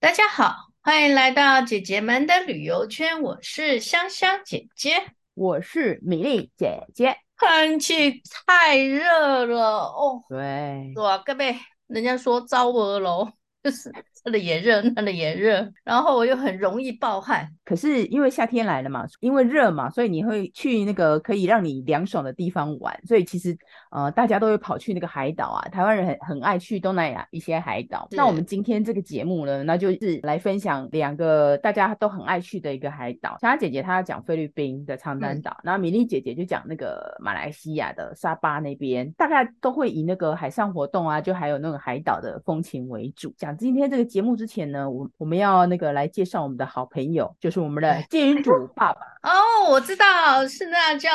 大家好，歡迎來到姐姐們的旅遊圈。我是湘湘姐姐，我是米粒姐姐。天氣太熱了哦，對，說各位，人家說糟鵝樓就是。 它的炎熱，它的炎熱，然後我又很容易暴汗。可是因為夏天來了嘛，因為熱嘛，所以你會去那個可以讓你涼爽的地方玩。所以其實呃，大家都會跑去那個海島啊。台灣人很很愛去東南亞一些海島。是那我們今天這個節目呢，那就是來分享兩個大家都很愛去的一個海島。湘湘姐姐她要講菲律賓的長灘島，嗯、然後米粒姐姐就講那個馬來西亞的沙巴那邊，大概都會以那個海上活動啊，就還有那個海島的風情為主。講今天這個。節目之前呢，我我們要那個來介紹我們的好朋友，就是我們的金主爸爸。 哦，我知道是那叫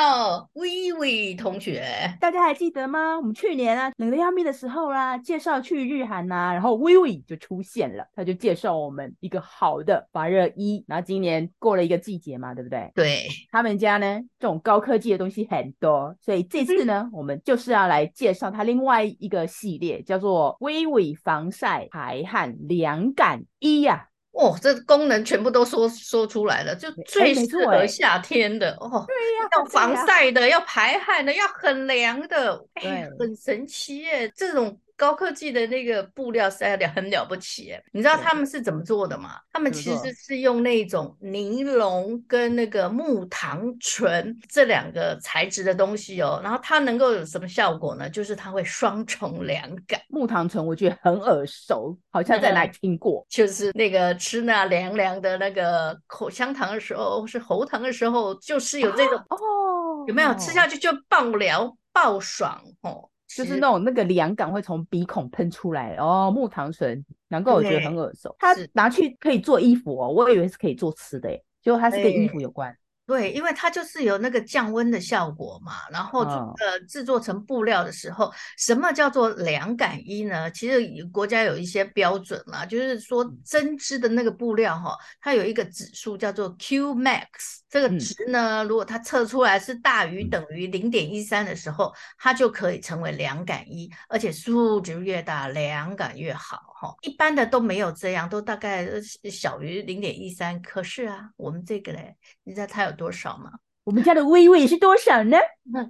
WIWI 同學，大家還記得嗎？我們去年啊冷得要命的時候啦、啊，介紹去日韓吶、啊，然後 WIWI 就出現了，他就介紹我們一個好的發熱衣，然後今年過了一個季節嘛，對不對？對他們家呢這種高科技的東西很多，所以這次呢、嗯、我們就是要來介紹他另外一個系列，叫做 WIWI 防曬排汗涼感衣呀、啊。哦，這功能全部都說說出來了，就最適合夏天的、欸欸、哦，對呀、啊，要防曬的，啊、要排汗的，要很涼的，哎、對了，很神奇耶、欸，這種。高科技的那個布料塞了，很了不起，你知道他們是怎麼做的嗎？對對對，他們其實是用那種尼龍跟那個木糖醇這兩個材質的東西哦。然後它能夠有什麼效果呢？就是它會雙重涼感。木糖醇我覺得很耳熟，好像在哪裡聽過，嗯。就是那個吃那涼涼的那個口香糖的時候，是喉糖的時候，就是有這種、啊、哦，有沒有吃下去就爆涼爆爽哦？就是那種那個涼感會從鼻孔噴出來是哦，木糖醇，難怪我覺得很耳熟，對它拿去可以做衣服哦，我以為是可以做吃的誒，結果它是跟衣服有關。對，因為它就是有那個降溫的效果嘛，然後、就是、呃製作成布料的時候，什麼叫做涼感衣呢？其實國家有一些標準啦、啊，就是說針織的那個布料哈、哦，它有一個指數叫做 Qmax，這個值呢，如果它測出來是大於等於零點一三的時候，它就可以成為涼感衣，而且數值越大，涼感越好。好，一般的都沒有這樣，都大概小於零點一三。可是啊，我們這個呢，你知道它有多少嗎？我們家的 WIWI 是多少呢？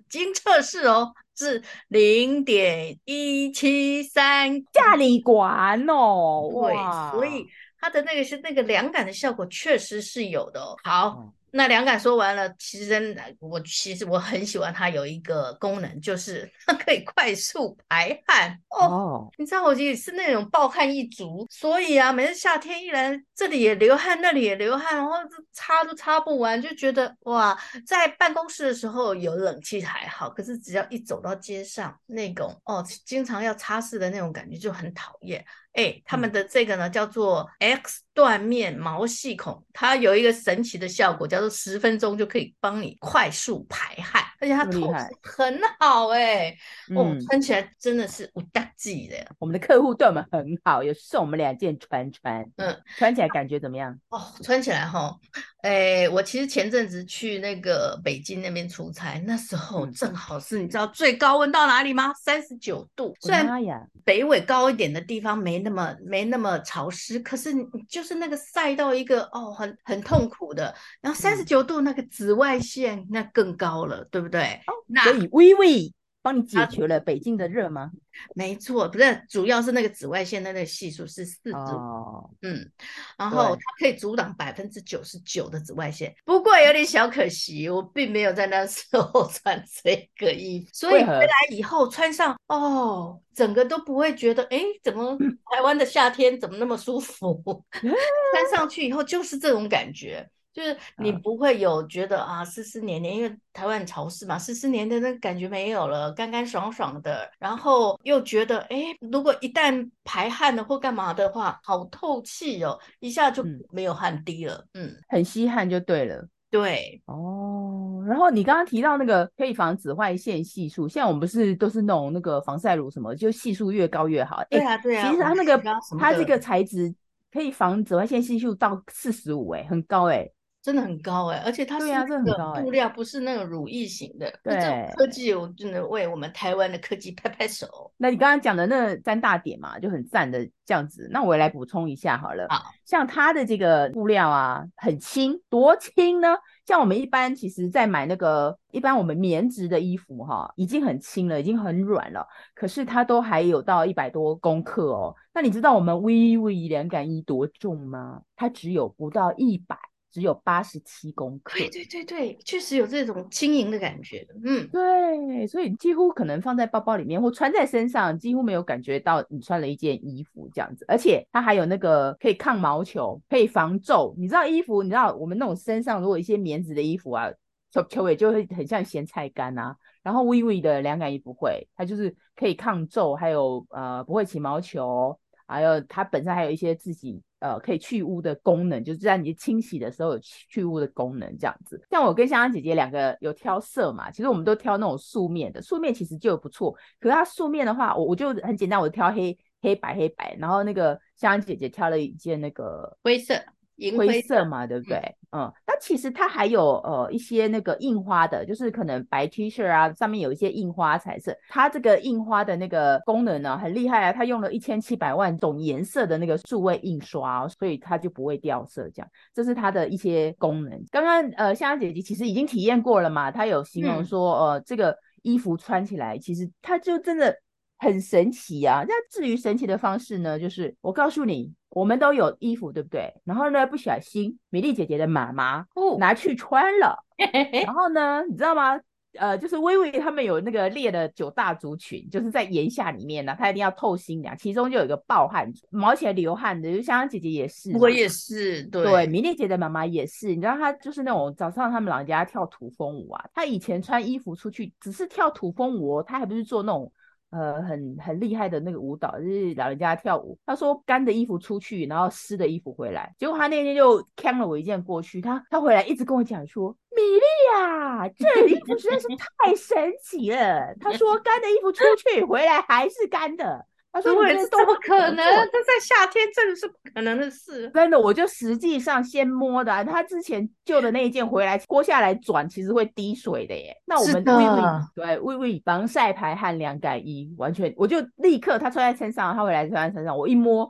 經測試哦，是零點一七三伽利管哦。對哇，所以它的那個是那個涼感的效果確實是有的哦。好。嗯那涼感說完了，其實我其實我很喜歡它有一個功能，就是它可以快速排汗哦。Oh, oh. 你知道我其實是那種暴汗一族，所以啊，每次夏天一來，這裡也流汗，那裡也流汗，然後擦都擦不完，就覺得哇，在辦公室的時候有冷氣還好，可是只要一走到街上，那種哦，經常要擦拭的那種感覺就很討厭。哎、欸，他們的這個呢、嗯、叫做 X 斷面毛細孔，它有一個神奇的效果，叫做十分鐘就可以幫你快速排汗，而且它透很好哎，嗯、哦，穿起來真的是無敵的。我們的客戶對我們很好，有送我們兩件穿穿。嗯，嗯，穿起來感覺怎麼樣？哦，穿起來哈、哦，哎，我其實前陣子去那個北京那邊出差，那時候正好是你知道最高溫到哪裡嗎？三十九度，對、媽呀，北緯高一點的地方沒。那麼沒那麼潮濕，可是就是那個曬到一個哦，很很痛苦的。然後三十九度那個紫外線那更高了，對不對？哦、所以 WIWI。<那 >WIWI 幫你解決了北京的熱嗎、啊？沒錯，不是，主要是那個紫外線的那個係數是四組，哦、嗯，然後它可以阻擋百分之九十九的紫外線，對不過有點小可惜，我並沒有在那時候穿這個衣服，何所以回來以後穿上哦，整個都不會覺得哎，怎麼台灣的夏天怎麼那麼舒服？嗯、穿上去以後就是這種感覺。.就是你不會有覺得啊濕濕黏黏，因為台灣潮濕嘛，濕濕黏黏那感覺沒有了，乾乾爽爽的。然後又覺得哎、欸，如果一旦排汗了或幹嘛的話，好透氣哦，一下就沒有汗滴了，嗯，嗯很吸汗就對了。對，哦。然後你剛剛提到那個可以防紫外線係數，現在我們不是都是弄那，那個防曬乳什麼，就係數越高越好。欸、對，啊對啊，對啊。其實它那個它這個材質可以防紫外線係數到四十五，哎，很高、欸，哎。真的很高哎、欸，而且它是這個布料，啊欸、不是那種乳液型的。對，是種科技，我真的為我們台灣的科技拍拍手。那你剛剛講的那三大點嘛，就很讚的這樣子。那我也來補充一下好了，好像它的這個布料啊，很輕，多輕呢？像我們一般其實，在買那個一般我們棉質的衣服哈、啊，已經很輕了，已經很軟了。可是它都還有到一百多公克哦。那你知道我們 WIWI 涼感衣多重嗎？它只有不到一百。只有八十七公克，對對對對，確實有這種輕盈的感覺的。嗯，對，所以幾乎可能放在包包裡面或穿在身上，幾乎沒有感覺到你穿了一件衣服這樣子。而且它還有那個可以抗毛球，嗯、可以防皺。你知道衣服，你知道我們那種身上如果一些棉質的衣服啊，球球尾就會很像鹹菜乾吶、啊。然後 WIWI 的涼感衣不會，它就是可以抗皺，還有呃不會起毛球。還有它本身還有一些自己呃可以去污的功能，就是在你清洗的時候有去，去污的功能這樣子。像我跟香香姐姐兩個有挑色嘛，其實我們都挑那種素面的，素面其實就不錯。可是它素面的話，我我就很簡單，我就挑黑黑白黑白，然後那個香香姐姐挑了一件那個灰色銀灰色嘛，對不對？嗯。其實它還有呃一些那個印花的，就是可能白 T 恤啊，上面有一些印花彩色。它這個印花的那個功能呢很厲害啊，它用了一千七百萬種顏色的那個數位印刷，哦，所以它就不會掉色這樣。這是它的一些功能。剛剛呃，湘湘姐姐其實已經體驗過了嘛，她有形容說、嗯、呃這個衣服穿起來其實它就真的很神奇啊。那至於神奇的方式呢，就是我告訴你。我們都有衣服，對不對？然後呢，不小心，米粒姐姐的媽媽拿去穿了。哦、 然後呢，你知道嗎？呃，就是 WIWI 他們有那個列的九大族群，就是在炎夏裡面呢、啊，他一定要透心涼。其中就有一個暴汗毛起來流汗的，就湘湘姐姐也是，我也是，對。米粒姐的媽媽也是，你知道她就是那種早上他們老人家跳土風舞啊，她以前穿衣服出去只是跳土風舞、哦，她還不是做那種。呃，很很厲害的那個舞蹈，就是老人家跳舞。他說乾的衣服出去，然後濕的衣服回來。結果他那天就扛了我一件過去，他他回來一直跟我講說：“米粒呀，這衣服實在是太神奇了。” 他說乾的衣服出去， 回來還是乾的。他說：“我也是，都不可能。這在夏天真的是不可能的事。真的，我就實際上先摸的、啊。他之前舊的那一件回來脫下來轉，其實會滴水的耶。那我們 WIWI 對 WIWI 防曬排汗涼感衣，完全我就立刻他穿在身上，他回來穿在身上，我一摸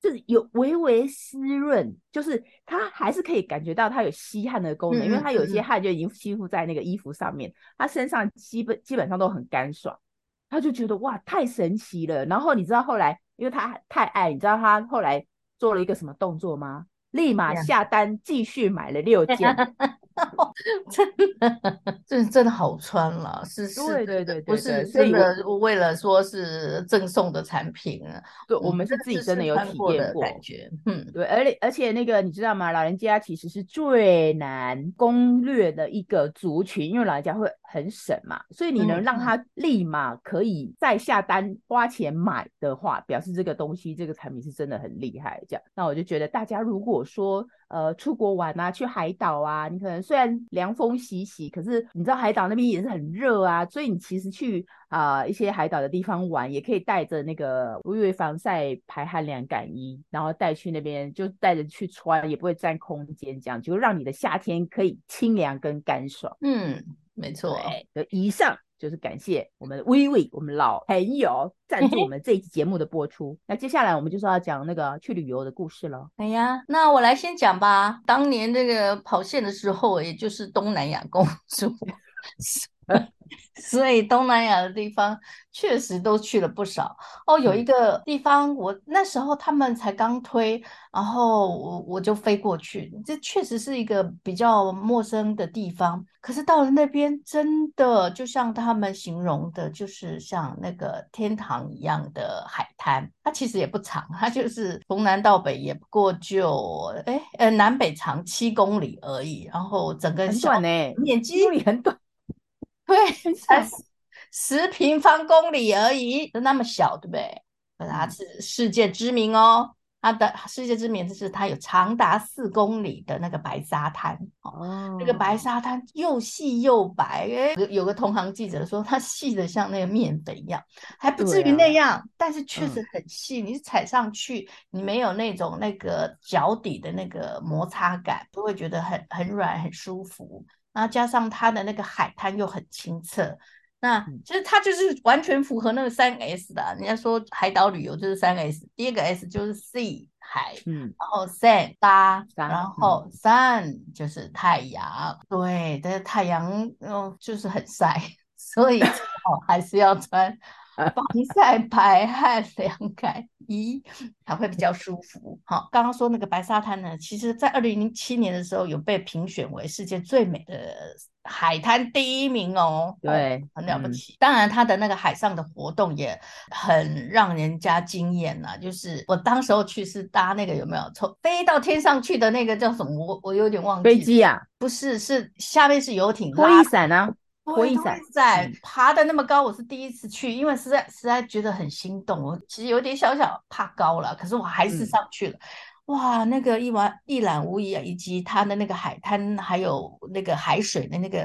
就是有微微濕潤，就是他還是可以感覺到他有吸汗的功能，嗯嗯因為他有些汗就已經吸附在那個衣服上面，他身上基本基本上都很乾爽。”他就覺得哇，太神奇了。然後你知道後來，因為他太愛你，知道他後來做了一個什麼動作嗎？立馬下單繼續買了六件。Yeah. 真的，真 真的好穿了，是是，對對，對對對，不是真的為了說是贈送的產品，對，我們是自己真的有體驗過，嗯，對，我們是自己真的有體驗過的感覺，嗯，對，而且而且那個你知道嗎？老人家其實是最難攻略的一個族群，因為老人家會很省嘛，所以你能讓他立馬可以再下單花錢買的話，表示這個東西這個產品是真的很厲害。這樣，那我就覺得大家如果說。呃，出國玩啊，去海島啊，你可能雖然涼風習習，可是你知道海島那邊也是很熱啊，所以你其實去啊、呃、一些海島的地方玩，也可以帶着那個微微防曬排汗涼感衣，然後帶去那邊就帶着去穿，也不會占空間，這樣就讓你的夏天可以清涼跟乾爽。嗯，沒錯。對，以上。就是感謝我們 WIWI，我們老朋友贊助我們這一期節目的播出。 那接下來我們就是要講那個去旅遊的故事了。哎呀，那我來先講吧。當年那個跑線的時候，也就是東南亞公主。 所以東南亞的地方確實都去了不少哦。有一個地方我，我那時候他們才剛推，然後我我就飛過去。這確實是一個比較陌生的地方，可是到了那邊，真的就像他們形容的，就是像那個天堂一樣的海灘。它其實也不長，它就是從南到北也不過就哎、呃南北長七公里而已。然後整個很短呢、欸，面積很短。對，才十平方公里而已，那麼小，對不對？本來是世界知名哦，它的世界知名就是它有長達四公里的那個白沙灘哦，那個白沙灘又細又白，有個同行記者說它細得像那個麵粉一樣，還不至於那樣，啊、但是確實很細，你踩上去，嗯、你沒有那種那個腳底的那個摩擦感，不會覺得很很軟很舒服。那加上它的那個海灘又很清澈，那其實它就是完全符合那個三 S 的、啊。人家說海島旅遊就是三 S，第一個 S 就是 Sea 海，嗯、然後 Sand< 三>，然後 Sun、嗯、就是太陽。對，但是太陽嗯、哦、就是很曬，所以最好還是要穿。 防曬、 賽排汗涼、涼感衣，才會比較舒服。好、哦，剛剛說那個白沙灘呢，其實在二零零七年的時候，有被評選為世界最美的海灘第一名哦。對哦，很了不起。嗯、當然，它的那個海上的活動也很讓人家驚艷吶、啊。就是我當時候去是搭那個有沒有從飛到天上去的那個叫什麼？我我有點忘記。飛機啊？不是，是下面是遊艇。滑翔傘呢、啊？我一直在爬的那麼高，我是第一次去，因為實在實在覺得很心動。我其實有點小小怕高了，可是我還是上去了。嗯、哇，那個一望一覽無遺啊，以及它的那個海灘，還有那個海水的那個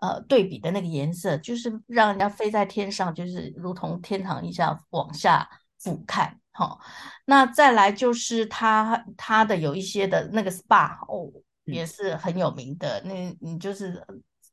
呃對比的那個顏色，就是讓人家飛在天上，就是如同天堂一樣往下俯瞰。哈、哦，那再來就是它它的有一些的那個 SPA 哦，也是很有名的。嗯、那你就是。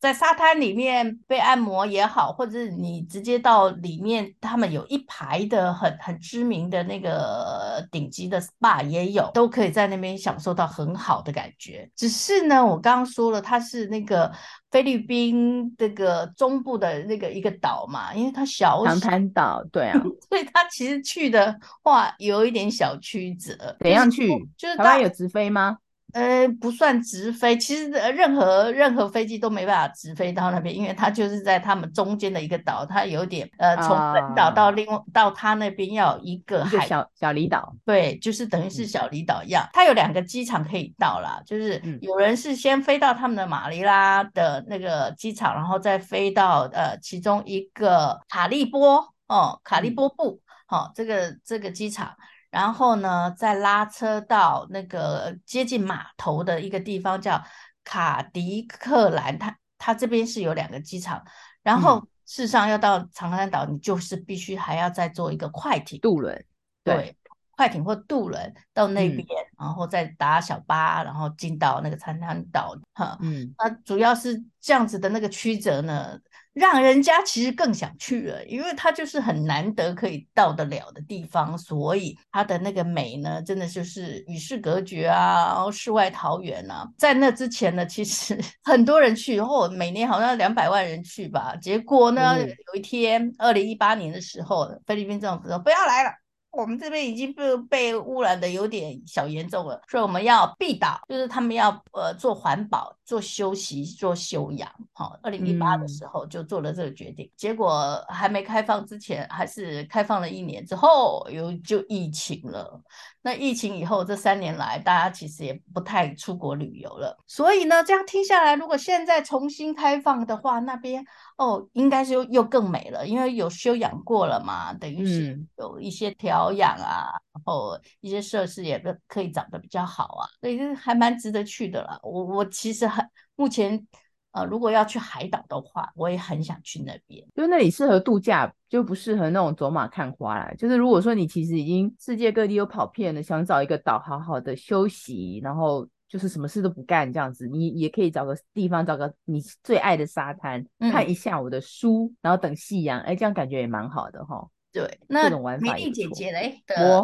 在沙灘裡面被按摩也好，或者是你直接到裡面，他們有一排的很很知名的那個頂級的 SPA 也有，都可以在那邊享受到很好的感覺。只是呢，我剛剛說了，它是那個菲律賓這個中部的那個一個島嘛，因為它小、小。長灘島對啊，所以它其實去的話有一點小曲折。怎樣去？就是台灣有直飛嗎？呃，不算直飛，其實任何任何飛機都沒辦法直飛到那邊，因為它就是在他們中間的一個島，它有點呃，從本島到另外、哦、到它那邊要一個海，小小離島，對，就是等於是小離島一樣。嗯、它有兩個機場可以到啦，就是有人是先飛到他們的馬尼拉的那個機場，嗯、然後再飛到呃其中一個卡利波哦，卡利波布，好、嗯哦，這個這個機場。然後呢，再拉車到那個接近碼頭的一個地方，叫卡迪克蘭。它它這邊是有兩個機場。然後，事實上要到長灘島，你就是必須還要再坐一個快艇、渡輪。對。快艇或渡輪到那邊，嗯、然後再打小巴，然後進到那個長灘島。哈，嗯，那主要是這樣子的那個曲折呢，讓人家其實更想去了，因為他就是很難得可以到得了的地方，所以它的那個美呢，真的就是與世隔絕啊，然後世外桃源啊。在那之前呢，其實很多人去，然、哦、後每年好像兩百萬人去吧。結果呢，嗯、有一天，二零一八年的時候，菲律賓政府說不要來了。我們這邊已經被被污染的有點小嚴重了，所以我們要閉島，就是他們要呃做環保、做休息、做休養。好，二零一八的時候就做了這個決定，嗯、結果還沒開放之前，還是開放了一年之後，有就疫情了。那疫情以後這三年來，大家其實也不太出國旅遊了。所以呢，這樣聽下來，如果現在重新開放的話，那邊哦，應該是又又更美了，因為有休養過了嘛，等於是有一些調養啊，嗯、然後一些設施也都可以長得比較好啊，所以是還蠻值得去的啦。我我其實很目前。呃、如果要去海島的話，我也很想去那邊。就那裡適合度假，就不適合那種走馬看花啦，就是如果說你其實已經世界各地都跑遍了，想找一個島好好的休息，然後就是什麼事都不幹這樣子，你也可以找個地方，找個你最愛的沙灘，嗯、看一下我的書，然後等夕陽。哎、欸，這樣感覺也蠻好的哈。對，那這種玩法米粒姐姐嘞，的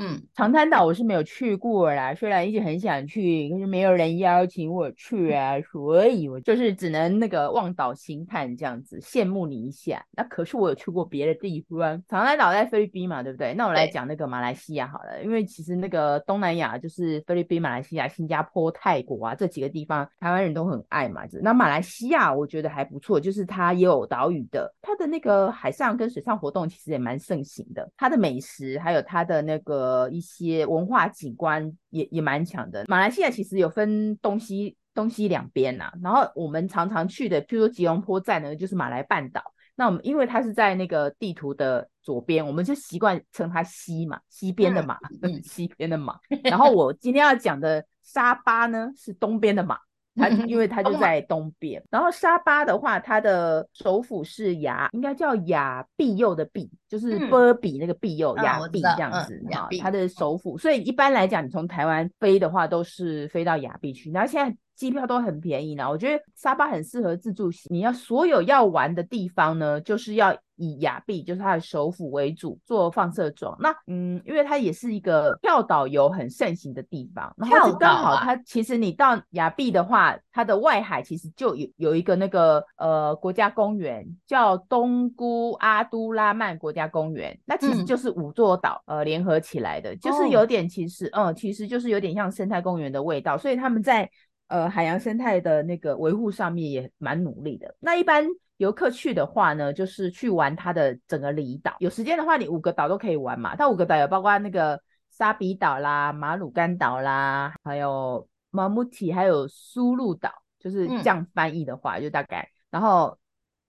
嗯，長灘島我是沒有去過啦，雖然一直很想去，可是沒有人邀請我去啊， 所以我就是只能那個望島興嘆這樣子，羨慕你一下。那可是我有去過別的地方，長灘島在菲律賓嘛，對不對？那我來講那個馬來西亞好了，因為其實那個東南亞就是菲律賓、馬來西亞、新加坡、泰國啊這幾個地方，台灣人都很愛嘛。那馬來西亞我覺得還不錯，就是它也有島嶼的，它的那個海上跟水上活動其實也蠻盛行的，它的美食還有它的那個。呃，一些文化景觀也也蠻強的。馬來西亞其實有分東西東西兩邊吶，然後我們常常去的，譬如說吉隆坡站呢，就是馬來半島。那我們因為它是在那個地圖的左邊，我們就習慣稱它西嘛，西邊的馬，嗯、 西邊的馬。然後我今天要講的沙巴呢，是東邊的馬。它因為它就在東邊，嗯、然後沙巴的話，它的首府是亞應該叫亞庇幼的庇，嗯、就是波比那個庇幼亞庇這樣子啊，它、嗯嗯、的首府，嗯、所以一般來講，你從台灣飛的話，都是飛到亞庇去，那現在。機票都很便宜呢，我覺得沙巴很適合自助行。你要所有要玩的地方呢，就是要以亞庇，就是它的首府為主做放射狀。那嗯，因為它也是一個跳島遊很盛行的地方，然後剛好、跳島啊、它其實你到亞庇的話，它的外海其實就有有一個那個呃國家公園叫東姑阿都拉曼國家公園，那其實就是五座島、嗯、呃聯合起來的，就是有點、哦、其實嗯，其實就是有點像生態公園的味道，所以他們在。呃，海洋生態的那個維護上面也蠻努力的。那一般遊客去的話呢，就是去玩它的整個離島。有時間的話，你五個島都可以玩嘛。它五個島有包括那個沙比島啦、馬魯干島啦，還有毛木提，還有蘇祿島。就是這樣翻譯的話，嗯、就大概。然後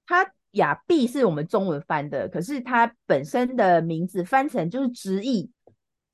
它亞庇是我們中文翻的，可是它本身的名字翻成就是直譯，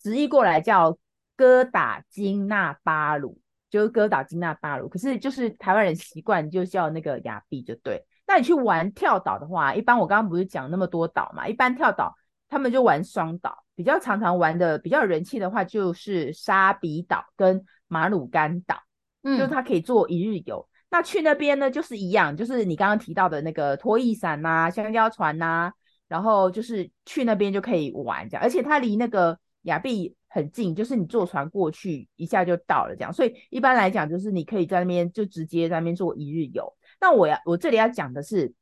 直譯過來叫哥打金娜巴魯。就是哥打金納巴魯，可是就是台灣人習慣就叫那個亞庇，就對。那你去玩跳島的話，一般我剛剛不是講那麼多島嘛？一般跳島他們就玩雙島，比較常常玩的比較人氣的話，就是沙比島跟馬魯甘島，嗯，就是它可以做一日遊。那去那邊呢，就是一樣，就是你剛剛提到的那個拖曳傘吶、啊、香蕉船吶、啊，然後就是去那邊就可以玩這樣，而且它離那個亞庇，很近，就是你坐船過去一下就到了，這樣。所以一般來講，就是你可以在那邊就直接在那邊做一日遊。那我要我這裡要講的是，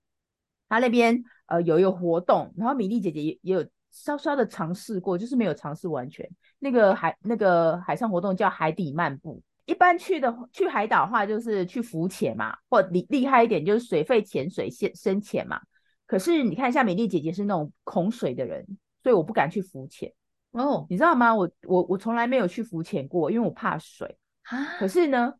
他那邊呃有一個活動，然後米粒姐姐也也有稍稍的嘗試過，就是沒有嘗試完全那個海那個海上活動叫海底漫步。一般去的去海島的話，就是去浮潛嘛，或厲厲害一點就是水肺潛水、先深潛嘛。可是你看一下，米粒姐姐是那種恐水的人，所以我不敢去浮潛。哦，oh, 你知道嗎？我我我從來沒有去浮潛過，因為我怕水。蛤？可是呢，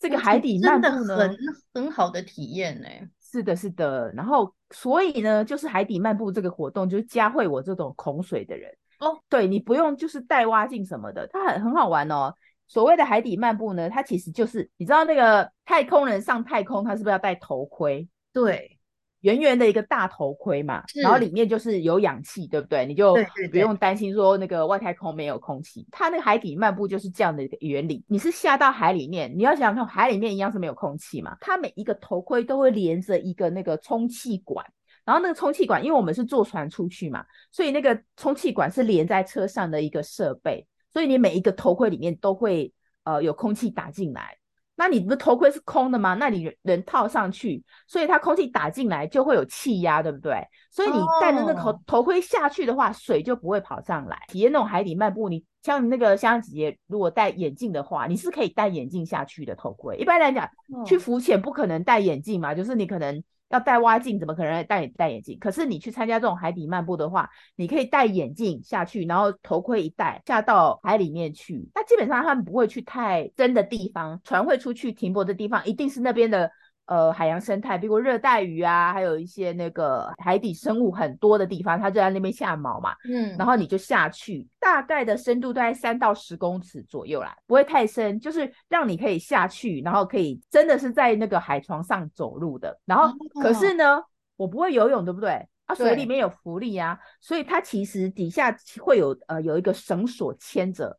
這個海底漫步呢，的很很好的體驗呢、欸。是的，是的。然後，所以呢，就是海底漫步這個活動，就是教會我這種恐水的人。哦，oh. 對，你不用就是戴蛙鏡什麼的，它很很好玩哦。所謂的海底漫步呢，它其實就是你知道那個太空人上太空，他是不是要戴頭盔？對。圓圓的一個大頭盔嘛，是然後裡面就是有氧氣，對不對？你就不用擔心說那個外太空沒有空氣。對對對。它那個海底漫步就是這樣的一個原理。你是下到海裡面，你要想想看，海裡面一樣是沒有空氣嘛。它每一個頭盔都會連着一個那個充氣管，然後那個充氣管，因為我們是坐船出去嘛，所以那個充氣管是連在車上的一個設備，所以你每一個頭盔裡面都會呃有空氣打進來。那你的頭盔是空的嗎？那你人，人套上去，所以它空氣打進來就會有氣壓，對不對？所以你戴着那個頭、oh. 頭盔下去的話，水就不會跑上來。體驗那種海底漫步，你像那個湘湘姐姐，如果戴眼鏡的話，你是可以戴眼鏡下去的頭盔。一般來講，去浮潛不可能戴眼鏡嘛，oh. 就是你可能。要戴蛙鏡，怎麼可能戴戴眼鏡？可是你去參加這種海底漫步的話，你可以戴眼鏡下去，然後頭盔一戴，下到海裡面去。那基本上他們不會去太深的地方，船會出去停泊的地方，一定是那邊的。呃，海洋生態，比如熱帶魚啊，還有一些那個海底生物很多的地方，它就在那邊下錨嘛。嗯，然後你就下去，大概的深度大概三到十公尺左右啦，不會太深，就是讓你可以下去，然後可以真的是在那個海床上走路的。然後，嗯、可是呢，我不會游泳，對不對？啊，水裡面有浮力啊，對所以它其實底下會有呃有一個繩索牽着。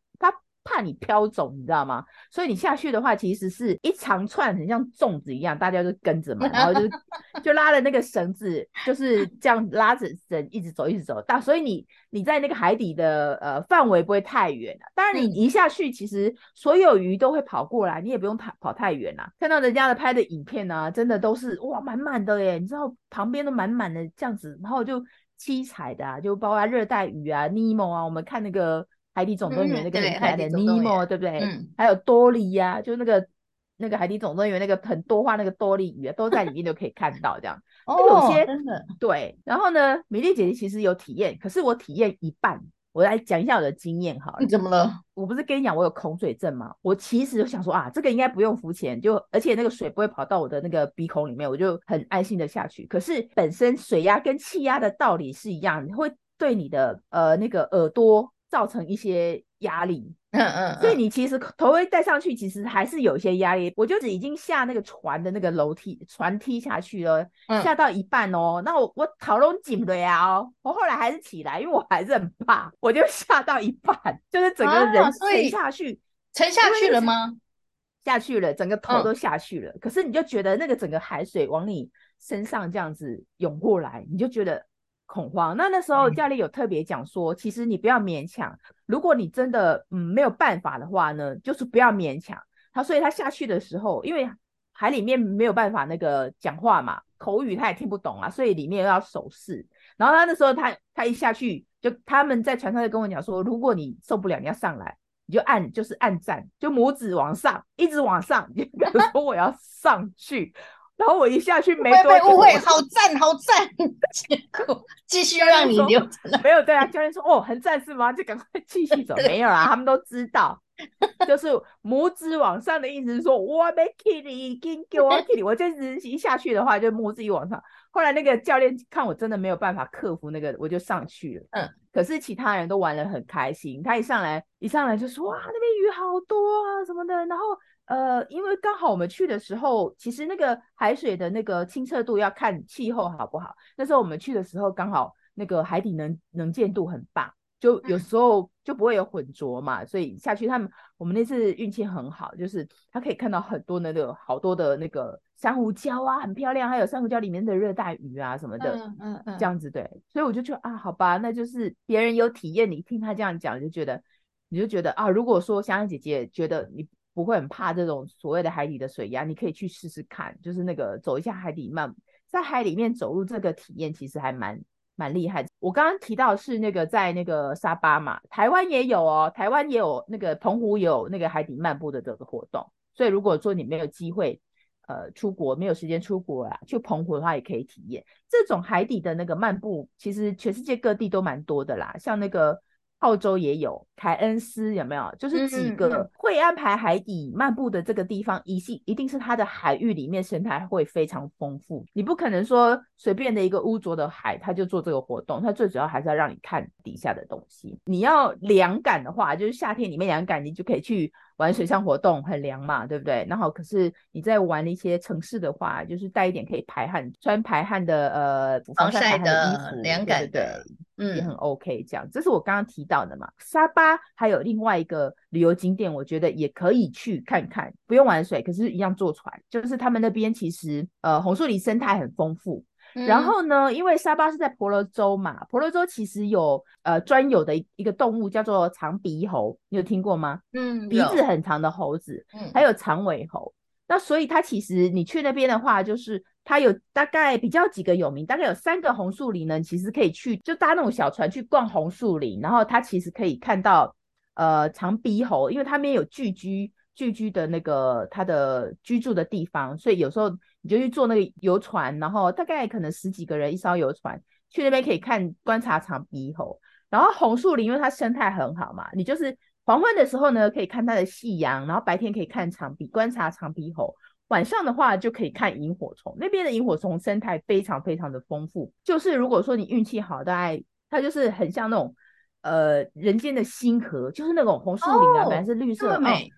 怕你飄走，你知道嗎？所以你下去的話，其實是一長串，很像粽子一樣，大家就跟着嘛，然後就就拉了那個繩子，就是這樣拉着繩一直走，一直走。但所以你你在那個海底的呃範圍不會太遠啊。當然你一下去，其實所有魚都會跑過來，你也不用跑，跑太遠啦、啊。看到人家的拍的影片啊，真的都是哇滿滿的耶，你知道旁邊都滿滿的這樣子，然後就七彩的啊，就包括熱帶魚啊、尼莫啊，我們看那個。海底總動員那個裡面的 Nemo，嗯、對，對不對？還有多莉呀。嗯、就那個那個海底總動員那個很多話那個多莉魚，都在裡面 都可以看到。這樣哦，有些真的對。然後呢，米粒姐姐其實有體驗，可是我體驗一半，我來講一下我的經驗哈。你怎麼了？我不是跟你講我有恐水症嘛？我其實想說啊，這個應該不用浮潛，就而且那個水不會跑到我的那個鼻孔裡面，我就很安心的下去。可是本身水壓跟氣壓的道理是一樣，會對你的呃那個耳朵。造成一些壓力，嗯,嗯嗯，所以你其實頭盔戴上去，其實還是有一些壓力。我就已經下那個船的那個樓梯，船梯下去了，嗯、下到一半哦，那我我喉嚨緊了呀哦，我後來還是起來，因為我還是很怕，我就下到一半，就是整個人沉下去，沉下去了嗎？下去了，整個頭都下去了。嗯、可是你就覺得那個整個海水往你身上這樣子湧過來，你就覺得。恐慌。那那時候教練有特別講說，嗯、其實你不要勉強。如果你真的嗯沒有辦法的話呢，就是不要勉強他。所以他下去的時候，因為海裡面沒有辦法那個講話嘛，口語他也聽不懂啊，所以裡面又要手勢。然後他那時候他他一下去，就他們在船上就跟我講說，如果你受不了你要上來，你就按就是按讚，就拇指往上一直往上，就說我要上去。 然後我一下去沒多久，會，不會誤會。好贊，好贊！結果繼續讓你留沒有對啊？教練說：“哦，很贊是嗎？”就趕快繼續走。 沒有啦，他們都知道，就是拇指往上的意思是說：“我沒氣力，已經給我氣力。”我這人一,一下去的話，就拇指一往上。後來那個教練看我真的沒有辦法克服那個，我就上去了。嗯。可是其他人都玩的很開心，他一上來一上來就說：“哇，那邊魚好多啊，什麼的。”然後。呃，因為剛好我們去的時候，其實那個海水的那個清澈度要看氣候好不好。那時候我們去的時候，剛好那個海底能能見度很棒，就有時候就不會有混濁嘛。嗯、所以下去他們我們那次運氣很好，就是他可以看到很多那個好多的那個珊瑚礁啊，很漂亮，還有珊瑚礁裡面的熱帶魚啊什麼的，嗯嗯，嗯嗯這樣子對。所以我就覺得啊，好吧，那就是別人有體驗，你聽他這樣講就覺得，你就覺得啊，如果說湘湘姐姐覺得你。不會很怕這種所謂的海底的水壓，你可以去試試看，就是那個走一下海底漫步，在海裡面走路這個體驗其實還蠻蠻厲害。我剛剛提到是那個在那個沙巴嘛，台灣也有哦，台灣也有那個澎湖也有那個海底漫步的這個活動，所以如果說你沒有機會，呃，出國沒有時間出國啊，去澎湖的話也可以體驗這種海底的那個漫步，其實全世界各地都蠻多的啦，像那個。澳洲也有凱恩斯，有沒有？就是幾個會安排海底漫步的這個地方，一定、嗯嗯嗯、一定是它的海域裡面生態會非常豐富。你不可能說隨便的一個污濁的海，它就做這個活動。它最主要還是要讓你看底下的東西。你要涼感的話，就是夏天裡面涼感，你就可以去。玩水上活動很涼嘛，對不對？然後可是你在玩一些城市的話，就是帶一點可以排汗，穿排汗的呃防曬的、涼感的衣服，對對，嗯，也很 OK。這樣，這是我剛剛提到的嘛。沙巴還有另外一個旅遊景點，我覺得也可以去看看，不用玩水，可是一樣坐船。就是他們那邊其實呃紅樹林生態很豐富。然後呢，因為沙巴是在婆羅洲嘛，婆羅洲其實有呃專有的一個動物叫做長鼻猴，你有聽過嗎？嗯，鼻子很長的猴子。嗯，還有長尾猴。那所以它其實你去那邊的話，就是它有大概比較幾個有名，大概有三個紅樹林呢，其實可以去就搭那種小船去逛紅樹林，然後它其實可以看到呃長鼻猴，因為它那邊有聚居聚居的那個它的居住的地方，所以有時候。你就去坐那個遊船，然後大概可能十幾個人一艘遊船，去那邊可以看觀察長鼻猴，然後紅樹林，因為它生態很好嘛，你就是黃昏的時候呢可以看它的夕陽，然後白天可以看長鼻觀察長鼻猴，晚上的話就可以看螢火蟲，那邊的螢火蟲生態非常非常的豐富，就是如果說你運氣好，大概它就是很像那種呃人間的星河，就是那種紅樹林啊，哦，本來是綠色的美。哦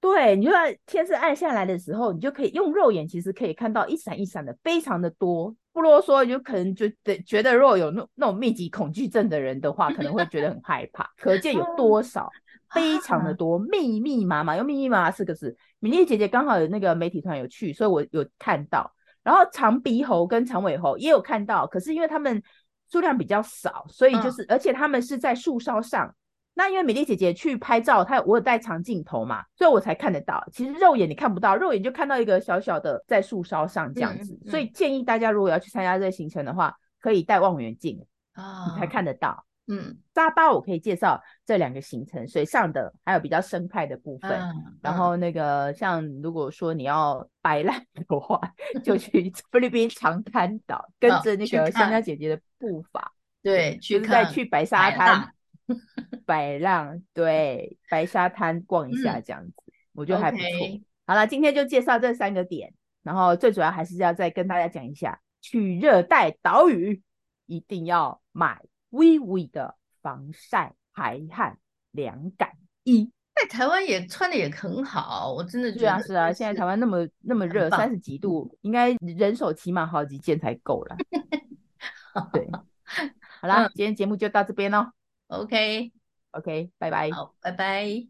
對，你就在天色暗下來的時候，你就可以用肉眼，其實可以看到一閃一閃的，非常的多。不囉嗦，你就可能就覺得覺得，如果有那那種密集恐懼症的人的話，可能會覺得很害怕。 可見有多少，嗯、非常的多，啊、密密麻麻，用“密密麻麻”四個字。米粒姐姐剛好有那個媒體團有去，所以我有看到。然後長鼻猴跟長尾猴也有看到，可是因為他們數量比較少，所以就是，嗯、而且他們是在樹梢上。那因為米粒姐姐去拍照，她，我有帶長鏡頭嘛，所以我才看得到。其實肉眼你看不到，肉眼就看到一個小小的在樹梢上這樣子。嗯嗯、所以建議大家如果要去參加這個行程的話，可以帶望遠鏡啊，哦、你才看得到。嗯，沙巴我可以介紹這兩個行程，水上的還有比較生態的部分。嗯嗯、然後那個像如果說你要擺爛的話，嗯、 就去菲律賓長灘島，哦、跟着那個湘湘姐、姐姐的步伐，嗯、對，去看再去白沙灘。 白浪，對，白沙灘逛一下這樣子，嗯、我覺得還不錯。Okay. 好了，今天就介紹這三個點，然後最主要還是要再跟大家講一下，去熱帶島嶼一定要買 WIWI 的防曬、排汗、涼感衣。在、哎、台灣也穿得也很好，我真的覺得的是，是啊，是啊。現在台灣那麼那麼熱，三十棒幾度，應該人手起碼好幾件才夠了。 對， 好啦，嗯、今天節目就到這邊嘍。O.K. O.K. 拜拜。好，拜拜。